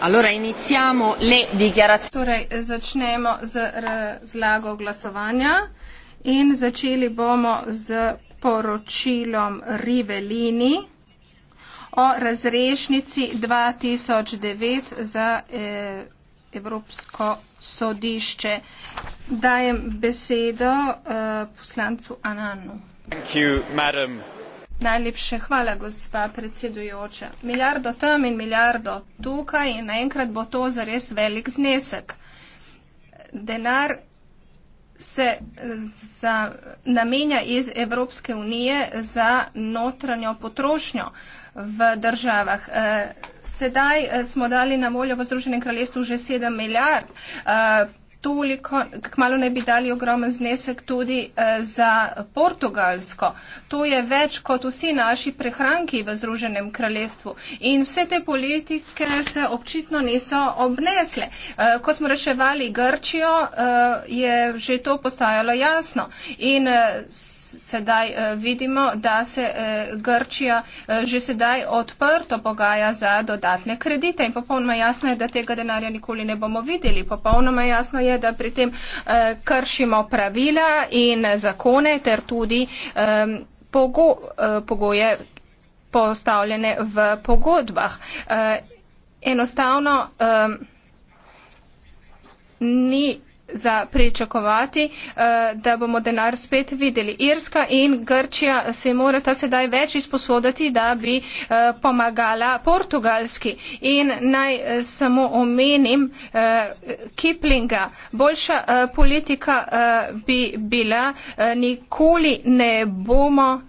Allora iniziamo le dichiarazioni. Torej, začnemo z razlago glasovanja in začeli bomo z poročilom Rivelini o razrešnici 2009 za eh, Evropsko sodišče. Dajem besedo eh, poslancu Ananu. Thank you, madam Najlepše hvala, gospa predsedujoča. Milijardo tam in milijardo tukaj in naenkrat bo to zares velik znesek. Denar se za, namenja iz Evropske unije za notranjo potrošnjo v državah. Eh, sedaj eh, smo dali na voljo v Združenem kraljestvu že 7 milijard. Eh, toliko, kmalo ne bi dali ogromen znesek tudi eh, za Portugalsko. To je več kot vsi naši prehranki v Združenem kraljestvu. In vse te politike se občitno niso obnesle. Eh, ko smo reševali Grčijo, eh, je že to postajalo jasno. In, eh, sedaj eh, vidimo, da se eh, Grčija eh, že sedaj odprto pogaja za dodatne kredite in popolnoma jasno je, da tega denarja nikoli ne bomo videli. Popolnoma jasno je, da pri tem kršimo pravila in zakone ter tudi pogo, pogoje postavljene v pogodbah. Enostavno ni za pričakovati, eh, da bomo denar spet videli. Irska in Grčija se morata sedaj več izposoditi, da bi eh, pomagala portugalski. In naj eh, samo omenim Kiplinga. Boljša politika bi bila, nikoli ne bomo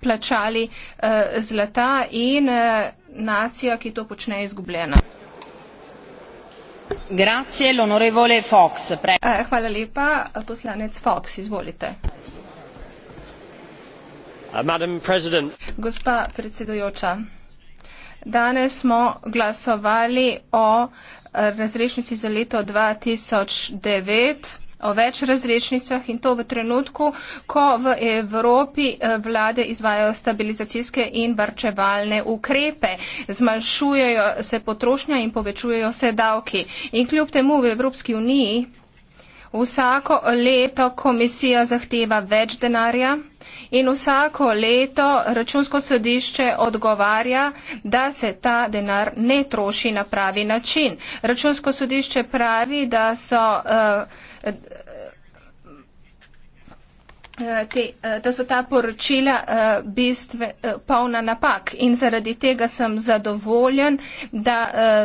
plačali zlata in nacija, ki to počne, je izgubljena. Eh, uh, Madam President. Gospa predsedujoča, danes smo glasovali o eh, razrešnici za leto 2009 o več razrečnicah in to v trenutku, ko v Evropi eh, vlade izvajajo stabilizacijske in barčevalne ukrepe, zmanjšujejo se potrošnja in povečujejo se davki. In kljub temu v Evropski uniji vsako leto komisija zahteva več denarja in vsako leto računsko sodišče odgovarja, da se ta denar ne troši na pravi način. Računsko sodišče pravi, da so. Uh, Eh, te, eh, da so ta poročila eh, bistve polna napak in zaradi tega sem zadovoljen, da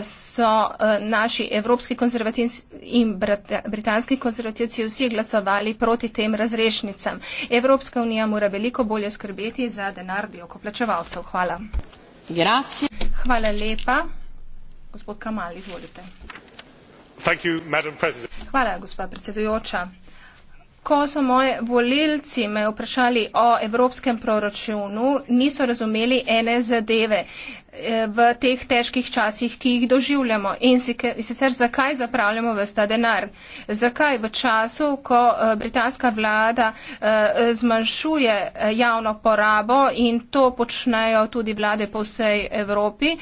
so naši evropski konzervativci in britanski konzervativci vsi glasovali proti tem razrešnicam. Evropska unija mora veliko bolje skrbeti za denar diokoplačevalcev. Hvala. Grazie. Hvala lepa. Gospod Kamal, izvolite. Ko so moje volilci me vprašali o evropskem proračunu, niso razumeli ene zadeve eh, v teh težkih časih, ki jih doživljamo. In sicer, zakaj zapravljamo vse ta denar? Zakaj v času, ko eh, britanska vlada eh, zmanjšuje javno porabo in to počnejo tudi vlade po vsej Evropi,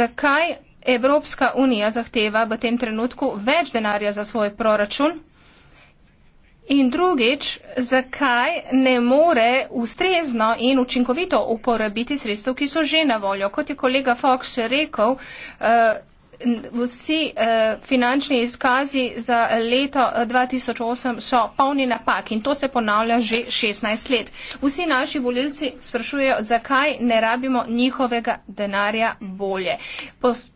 zakaj Evropska unija zahteva v tem trenutku več denarja za svoj proračun? In drugič, zakaj ne more ustrezno in učinkovito uporabiti sredstev, ki so že na voljo? Kot je kolega Fox rekel, uh, vsi uh, finančni izkazi za leto 2008 eh, so polni napak in to se ponavlja že 16 let. Vsi naši volilci sprašujejo, zakaj ne rabimo njihovega denarja bolje.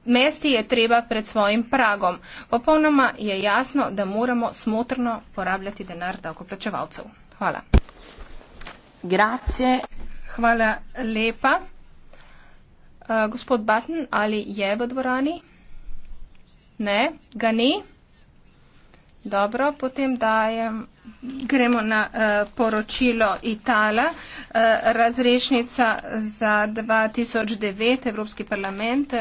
Mesti je treba pred svojim pragom. Popolnoma je jasno, da moramo smotrno porabljati denar davkoplačevalcev. Hvala. Grazie. Hvala lepa. Uh, gospod Batten, ali je v dvorani? Ne, ga ni. Dobro, potem dajem, gremo na uh, poročilo Itala. Uh, razrešnica za 2009 Evropski parlament.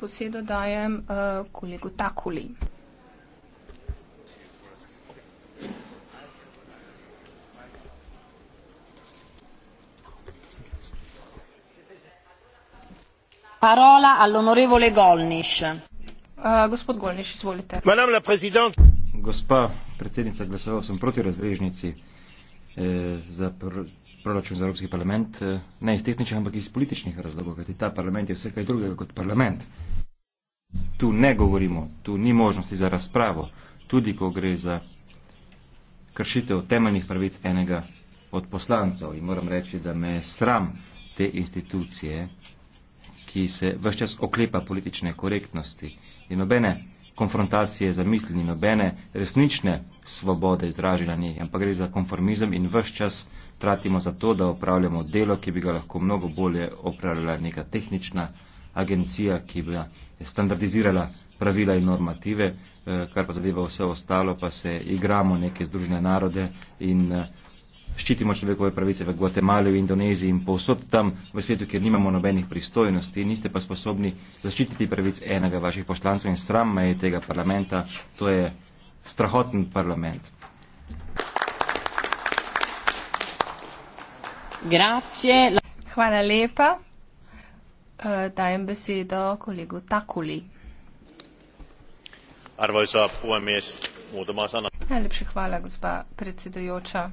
Posedo eh, dajem uh, kolegu Takuli. Parola all'onorevole Golnish. Eh, gospod Golniš, izvolite. Gospa predsednica, glasoval sem proti razrežnici eh, za pr proračun za Evropski parlament, eh, ne iz tehničnih, ampak iz političnih razlogov, kajti ta parlament je vse kaj drugega kot parlament. Tu ne govorimo, tu ni možnosti za razpravo, tudi ko gre za kršitev temeljnih pravic enega od poslancev. In moram reči, da me je sram te institucije, ki se vse čas oklepa politične korektnosti in nobene konfrontacije za mislini, nobene resnične svobode izražila ni, ampak gre za konformizem in vse čas tratimo za to, da opravljamo delo, ki bi ga lahko mnogo bolje opravljala neka tehnična agencija, ki bi standardizirala pravila in normative, eh, kar pa zadeva vse ostalo, pa se igramo neke združene narode in eh, ščitimo človekove pravice v Gvatemali, v Indoneziji in povsod tam v svetu, kjer nimamo nobenih pristojnosti, niste pa sposobni zaščititi pravic enega vaših poslancev in sram je tega parlamenta, to je strahoten parlament. Grazie. Hvala lepa. Eh, dajem besedo kolegu Takuli. Arvoisa puhemies, muutama sana. Najlepša hvala, gospa predsedujoča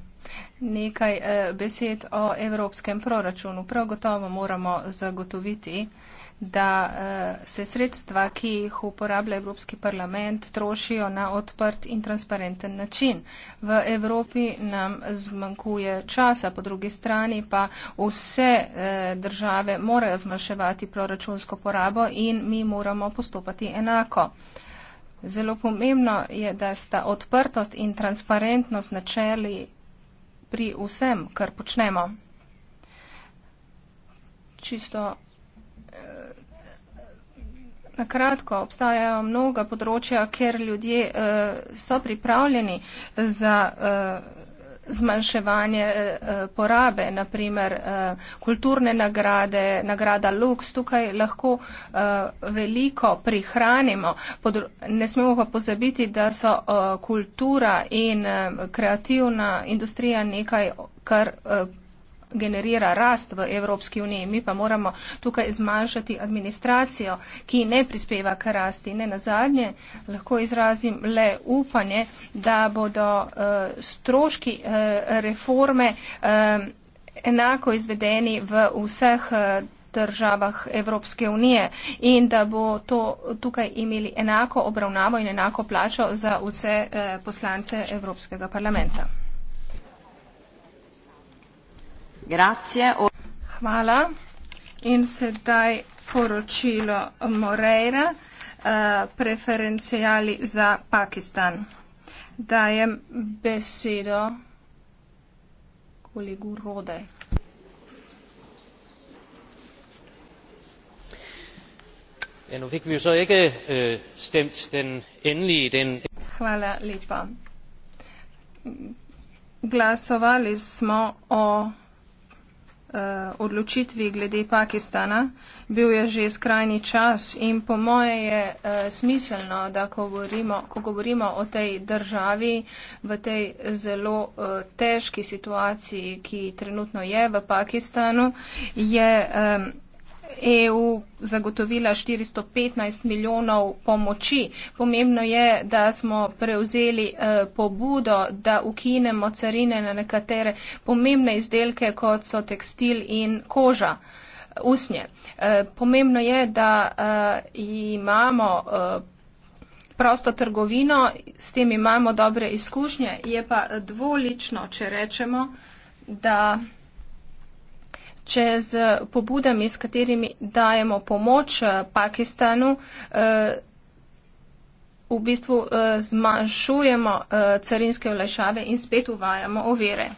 nekaj eh, besed o evropskem proračunu. Prav gotovo moramo zagotoviti, da eh, se sredstva, ki jih uporablja Evropski parlament, trošijo na odprt in transparenten način. V Evropi nam zmanjkuje časa, po drugi strani pa vse eh, države morajo zmanjševati proračunsko porabo in mi moramo postopati enako. Zelo pomembno je, da sta odprtost in transparentnost načeli pri vsem, kar počnemo. Čisto eh, na kratko, obstajajo mnoga področja, kjer ljudje eh, so pripravljeni za eh, zmanjševanje eh, eh, porabe, naprimer eh, kulturne nagrade, nagrada Lux, tukaj lahko veliko prihranimo. Ne smemo pa pozabiti, da so kultura in kreativna industrija nekaj, kar generira rast v Evropski uniji. Mi pa moramo tukaj zmanjšati administracijo, ki ne prispeva k rasti. Ne na zadnje, lahko izrazim le upanje, da bodo uh, stroški uh, reforme uh, enako izvedeni v vseh državah Evropske unije in da bo to tukaj imeli enako obravnavo in enako plačo za vse poslance Evropskega parlamenta. Hvala. In sedaj poročilo Moreira, eh, preferencijali za Pakistan. Dajem besedo kolegu Rode. Ja, nu fik vi jo så ikke øh, stemt den endelige, den... Hvala lepa. Glasovali smo o Eh, odločitvi glede Pakistana. Bil je že skrajni čas in po moje je eh, smiselno, da ko govorimo, ko govorimo o tej državi v tej zelo eh, težki situaciji, ki trenutno je v Pakistanu, je. Um, EU zagotovila 415 milijonov pomoči. Pomembno je, da smo prevzeli eh, pobudo, da ukinemo carine na nekatere pomembne izdelke, kot so tekstil in koža. Eh, usnje. Eh, pomembno je, da eh, imamo prosto trgovino, s tem imamo dobre izkušnje, je pa dvolično, če rečemo, da če z pobudami, s katerimi dajemo pomoč eh, Pakistanu, eh, v bistvu eh, zmanjšujemo carinske vlajšave in spet uvajamo ovire.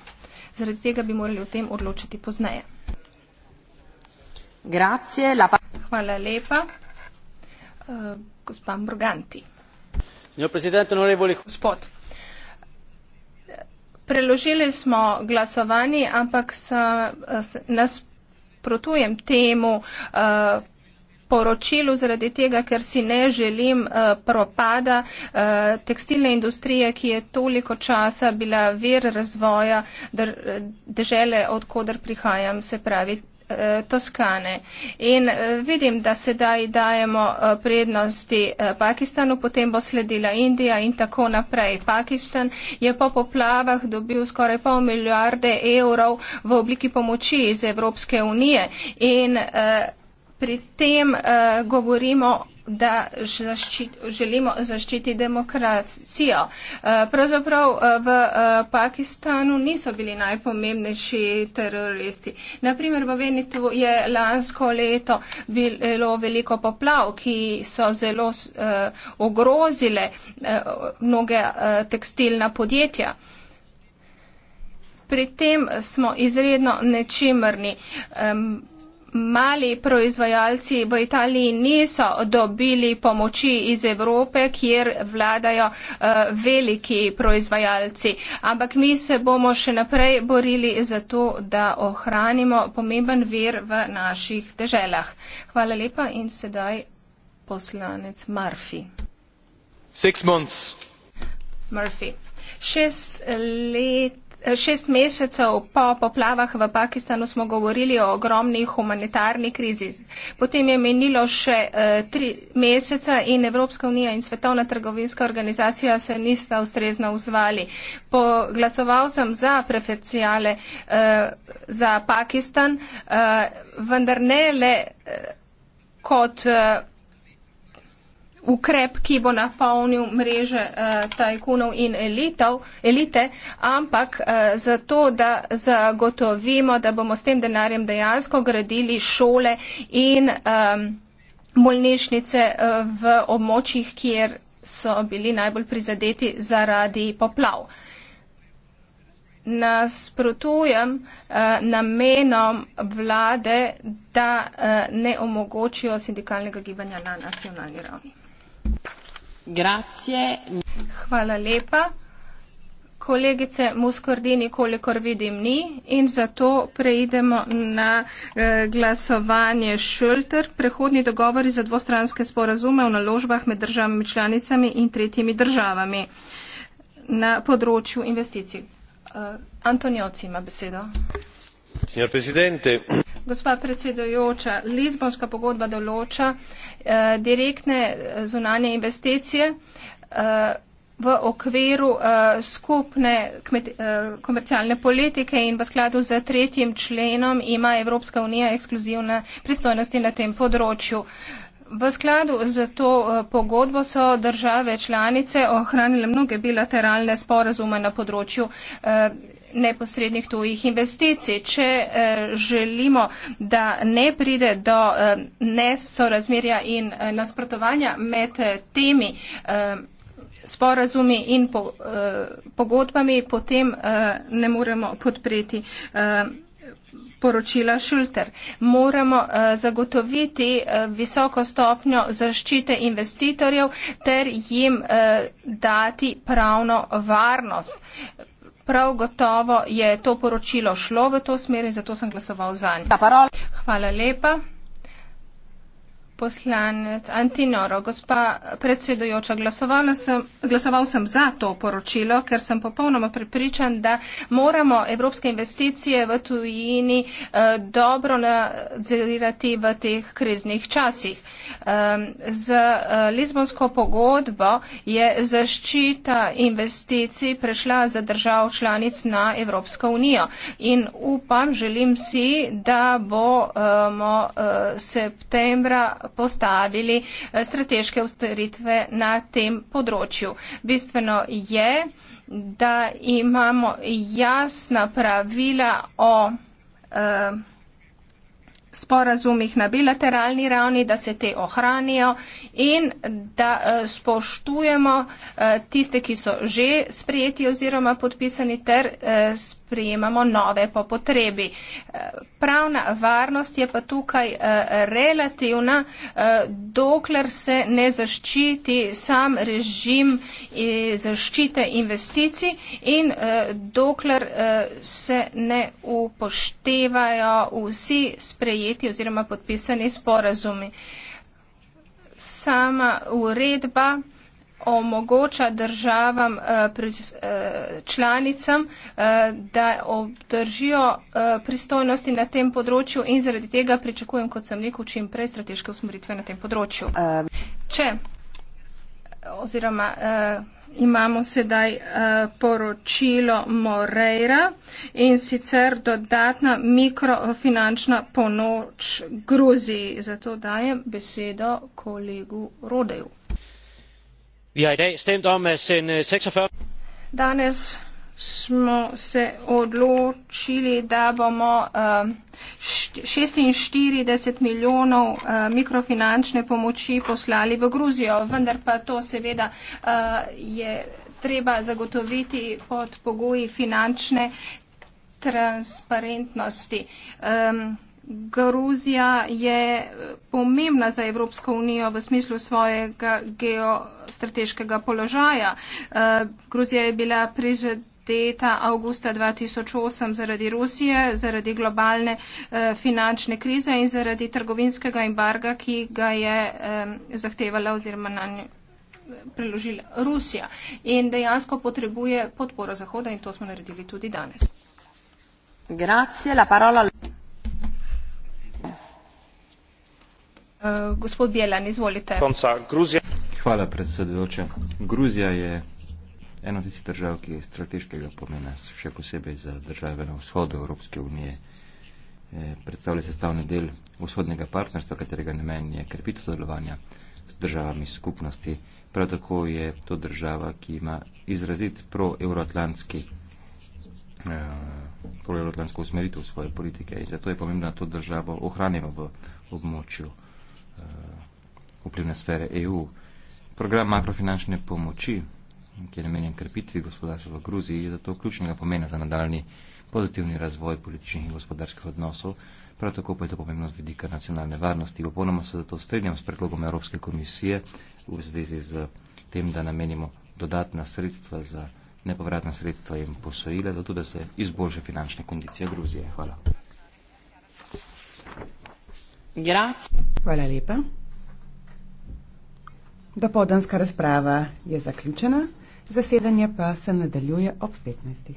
Zaradi tega bi morali o tem odločiti pozneje. Grazie, la... Hvala lepa. Gospa Morganti. Gospod. Preložili smo glasovanje, ampak sa, nasprotujem temu uh, poročilu zaradi tega, ker si ne želim uh, propada uh, tekstilne industrije, ki je toliko časa bila vir razvoja dežele, odkudar prihajam, se pravi Eh, Toskane. In eh, vidim, da sedaj dajemo eh, prednosti Pakistanu, potem bo sledila Indija in tako naprej. Pakistan je po poplavah dobil skoraj pol milijarde evrov v obliki pomoči iz Evropske unije in pri tem govorimo da zaščiti, želimo zaščiti demokracijo. Eh, pravzaprav eh, v eh, Pakistanu niso bili najpomembnejši teroristi. Naprimer, v Venitu je lansko leto bilo veliko poplav, ki so zelo ogrozile mnoge tekstilna podjetja. Pri tem smo izredno nečimrni mali proizvajalci v Italiji niso dobili pomoči iz Evrope, kjer vladajo uh, veliki proizvajalci. Ampak mi se bomo še naprej borili za to, da ohranimo pomemben vir v naših deželah. Hvala lepa in sedaj poslanec Murphy. Murphy. Šest let Šest mesecev po poplavah v Pakistanu smo govorili o ogromni humanitarni krizi. Potem je menilo še eh, tri meseca in Evropska unija in Svetovna trgovinska organizacija se nista ustrezno vzvali. Poglasoval sem za preferencijale eh, za Pakistan, eh, vendar ne le eh, kot. Eh, ukrep, ki bo napolnil mreže eh, tajkunov in elitov, elite, ampak eh, zato, da zagotovimo, da bomo s tem denarjem dejansko gradili šole in eh, molnišnice eh, v območjih, kjer so bili najbolj prizadeti zaradi poplav. Nasprotujem eh, namenom vlade, da eh, ne omogočijo sindikalnega gibanja na nacionalni ravni. Hvala lepa. Kolegice Muskordini, kolikor vidim, ni in zato preidemo na eh, glasovanje Šulter. Prehodni dogovori za dvostranske sporazume v naložbah med državami članicami in tretjimi državami na področju investicij. Eh, Antonijoci ima besedo. Signor Presidente, Gospa predsedujoča, Lizbonska pogodba določa eh, direktne eh, zunanje investicije eh, v okviru eh, skupne kmet, eh, komercialne politike in v skladu z tretjim členom ima Evropska unija ekskluzivne pristojnosti na tem področju. V skladu z to eh, pogodbo so države članice ohranile mnoge bilateralne sporazume na področju eh, neposrednih tujih investicij. Če eh, želimo, da ne pride do eh, nesorazmerja in eh, nasprotovanja med temi sporazumi in pogodbami, potem ne moremo podpreti poročila Šulter. Moramo uh, zagotoviti uh, visoko stopnjo zaščite investitorjev ter jim uh, dati pravno varnost prav gotovo je to poročilo šlo v to smer in zato sem glasoval za njega. Hvala lepa poslanec Antinoro, gospa predsedujoča, sem, glasoval sem za to poročilo, ker sem popolnoma pripričan, da moramo evropske investicije v tujini eh, dobro nadzirati v teh kriznih časih. Eh, z eh, Lizbonsko pogodbo je zaščita investicij prešla za držav članic na Evropsko unijo in upam, želim si, da bomo eh, septembra postavili eh, strateške ustvaritve na tem področju. Bistveno je, da imamo jasna pravila o eh, sporazumih na bilateralni ravni, da se te ohranijo in da eh, spoštujemo tiste, ki so že sprejeti oziroma podpisani ter spoštujemo sprejemamo nove po potrebi. Eh, pravna varnost je pa tukaj eh, relativna, eh, dokler se ne zaščiti sam režim zaščite investicij in dokler se ne upoštevajo vsi sprejeti oziroma podpisani sporazumi. Sama uredba omogoča državam eh, eh, članicam, eh, da obdržijo pristojnosti na tem področju in zaradi tega pričakujem, kot sem rekel, čim prej strateške usmeritve na tem področju. Če oziroma imamo sedaj poročilo Moreira in sicer dodatna mikrofinančna pomoč Gruziji. Zato dajem besedo kolegu Rodeju danes smo se odločili, da bomo 46 ehm, milijonov ehm, mikrofinančne pomoči poslali v Gruzijo, vendar pa to seveda eh, je treba zagotoviti pod pogoji finančne transparentnosti. Um, Gruzija je eh, pomembna za Evropsko unijo v smislu svojega geostrateškega položaja. Eh, Gruzija je bila prizadeta avgusta 2008 zaradi Rusije, zaradi globalne eh, finančne krize in zaradi trgovinskega embarga, ki ga je zahtevala oziroma na nje preložila Rusija. In dejansko potrebuje podporo Zahoda in to smo naredili tudi danes. Grazie, la parola Eh, gospod Bjelan, izvolite. Hvala, predsedujoča. Gruzija je ena tistih držav, ki je strateškega pomena, še posebej za države na vzhodu Evropske unije. E, predstavlja sestavni del vzhodnega partnerstva, katerega namen je krepitev sodelovanja z državami skupnosti. Prav tako je to država, ki ima izrazit pro-euroatlantski eh, pro-euroatlantsko usmeritev svoje politike in zato je pomembno, da to državo ohranimo v območju. Eh, vplivne sfere EU. Program makrofinančne pomoči, ki je namenjen krepitvi gospodarstva v Gruziji, je zato ključnega pomena za nadaljni pozitivni razvoj političnih in gospodarskih odnosov, prav tako pa je to pomembno z vidika nacionalne varnosti. Popolnoma se zato strinjam s predlogom Evropske komisije v zvezi z tem, da namenimo dodatna sredstva za nepovratna sredstva in posojila, zato da se izboljša finančne kondicije Gruzije. Hvala. Grazie. Hvala lepa. Dopoldanska razprava je zaključena, zasedanje pa se nadaljuje ob 15.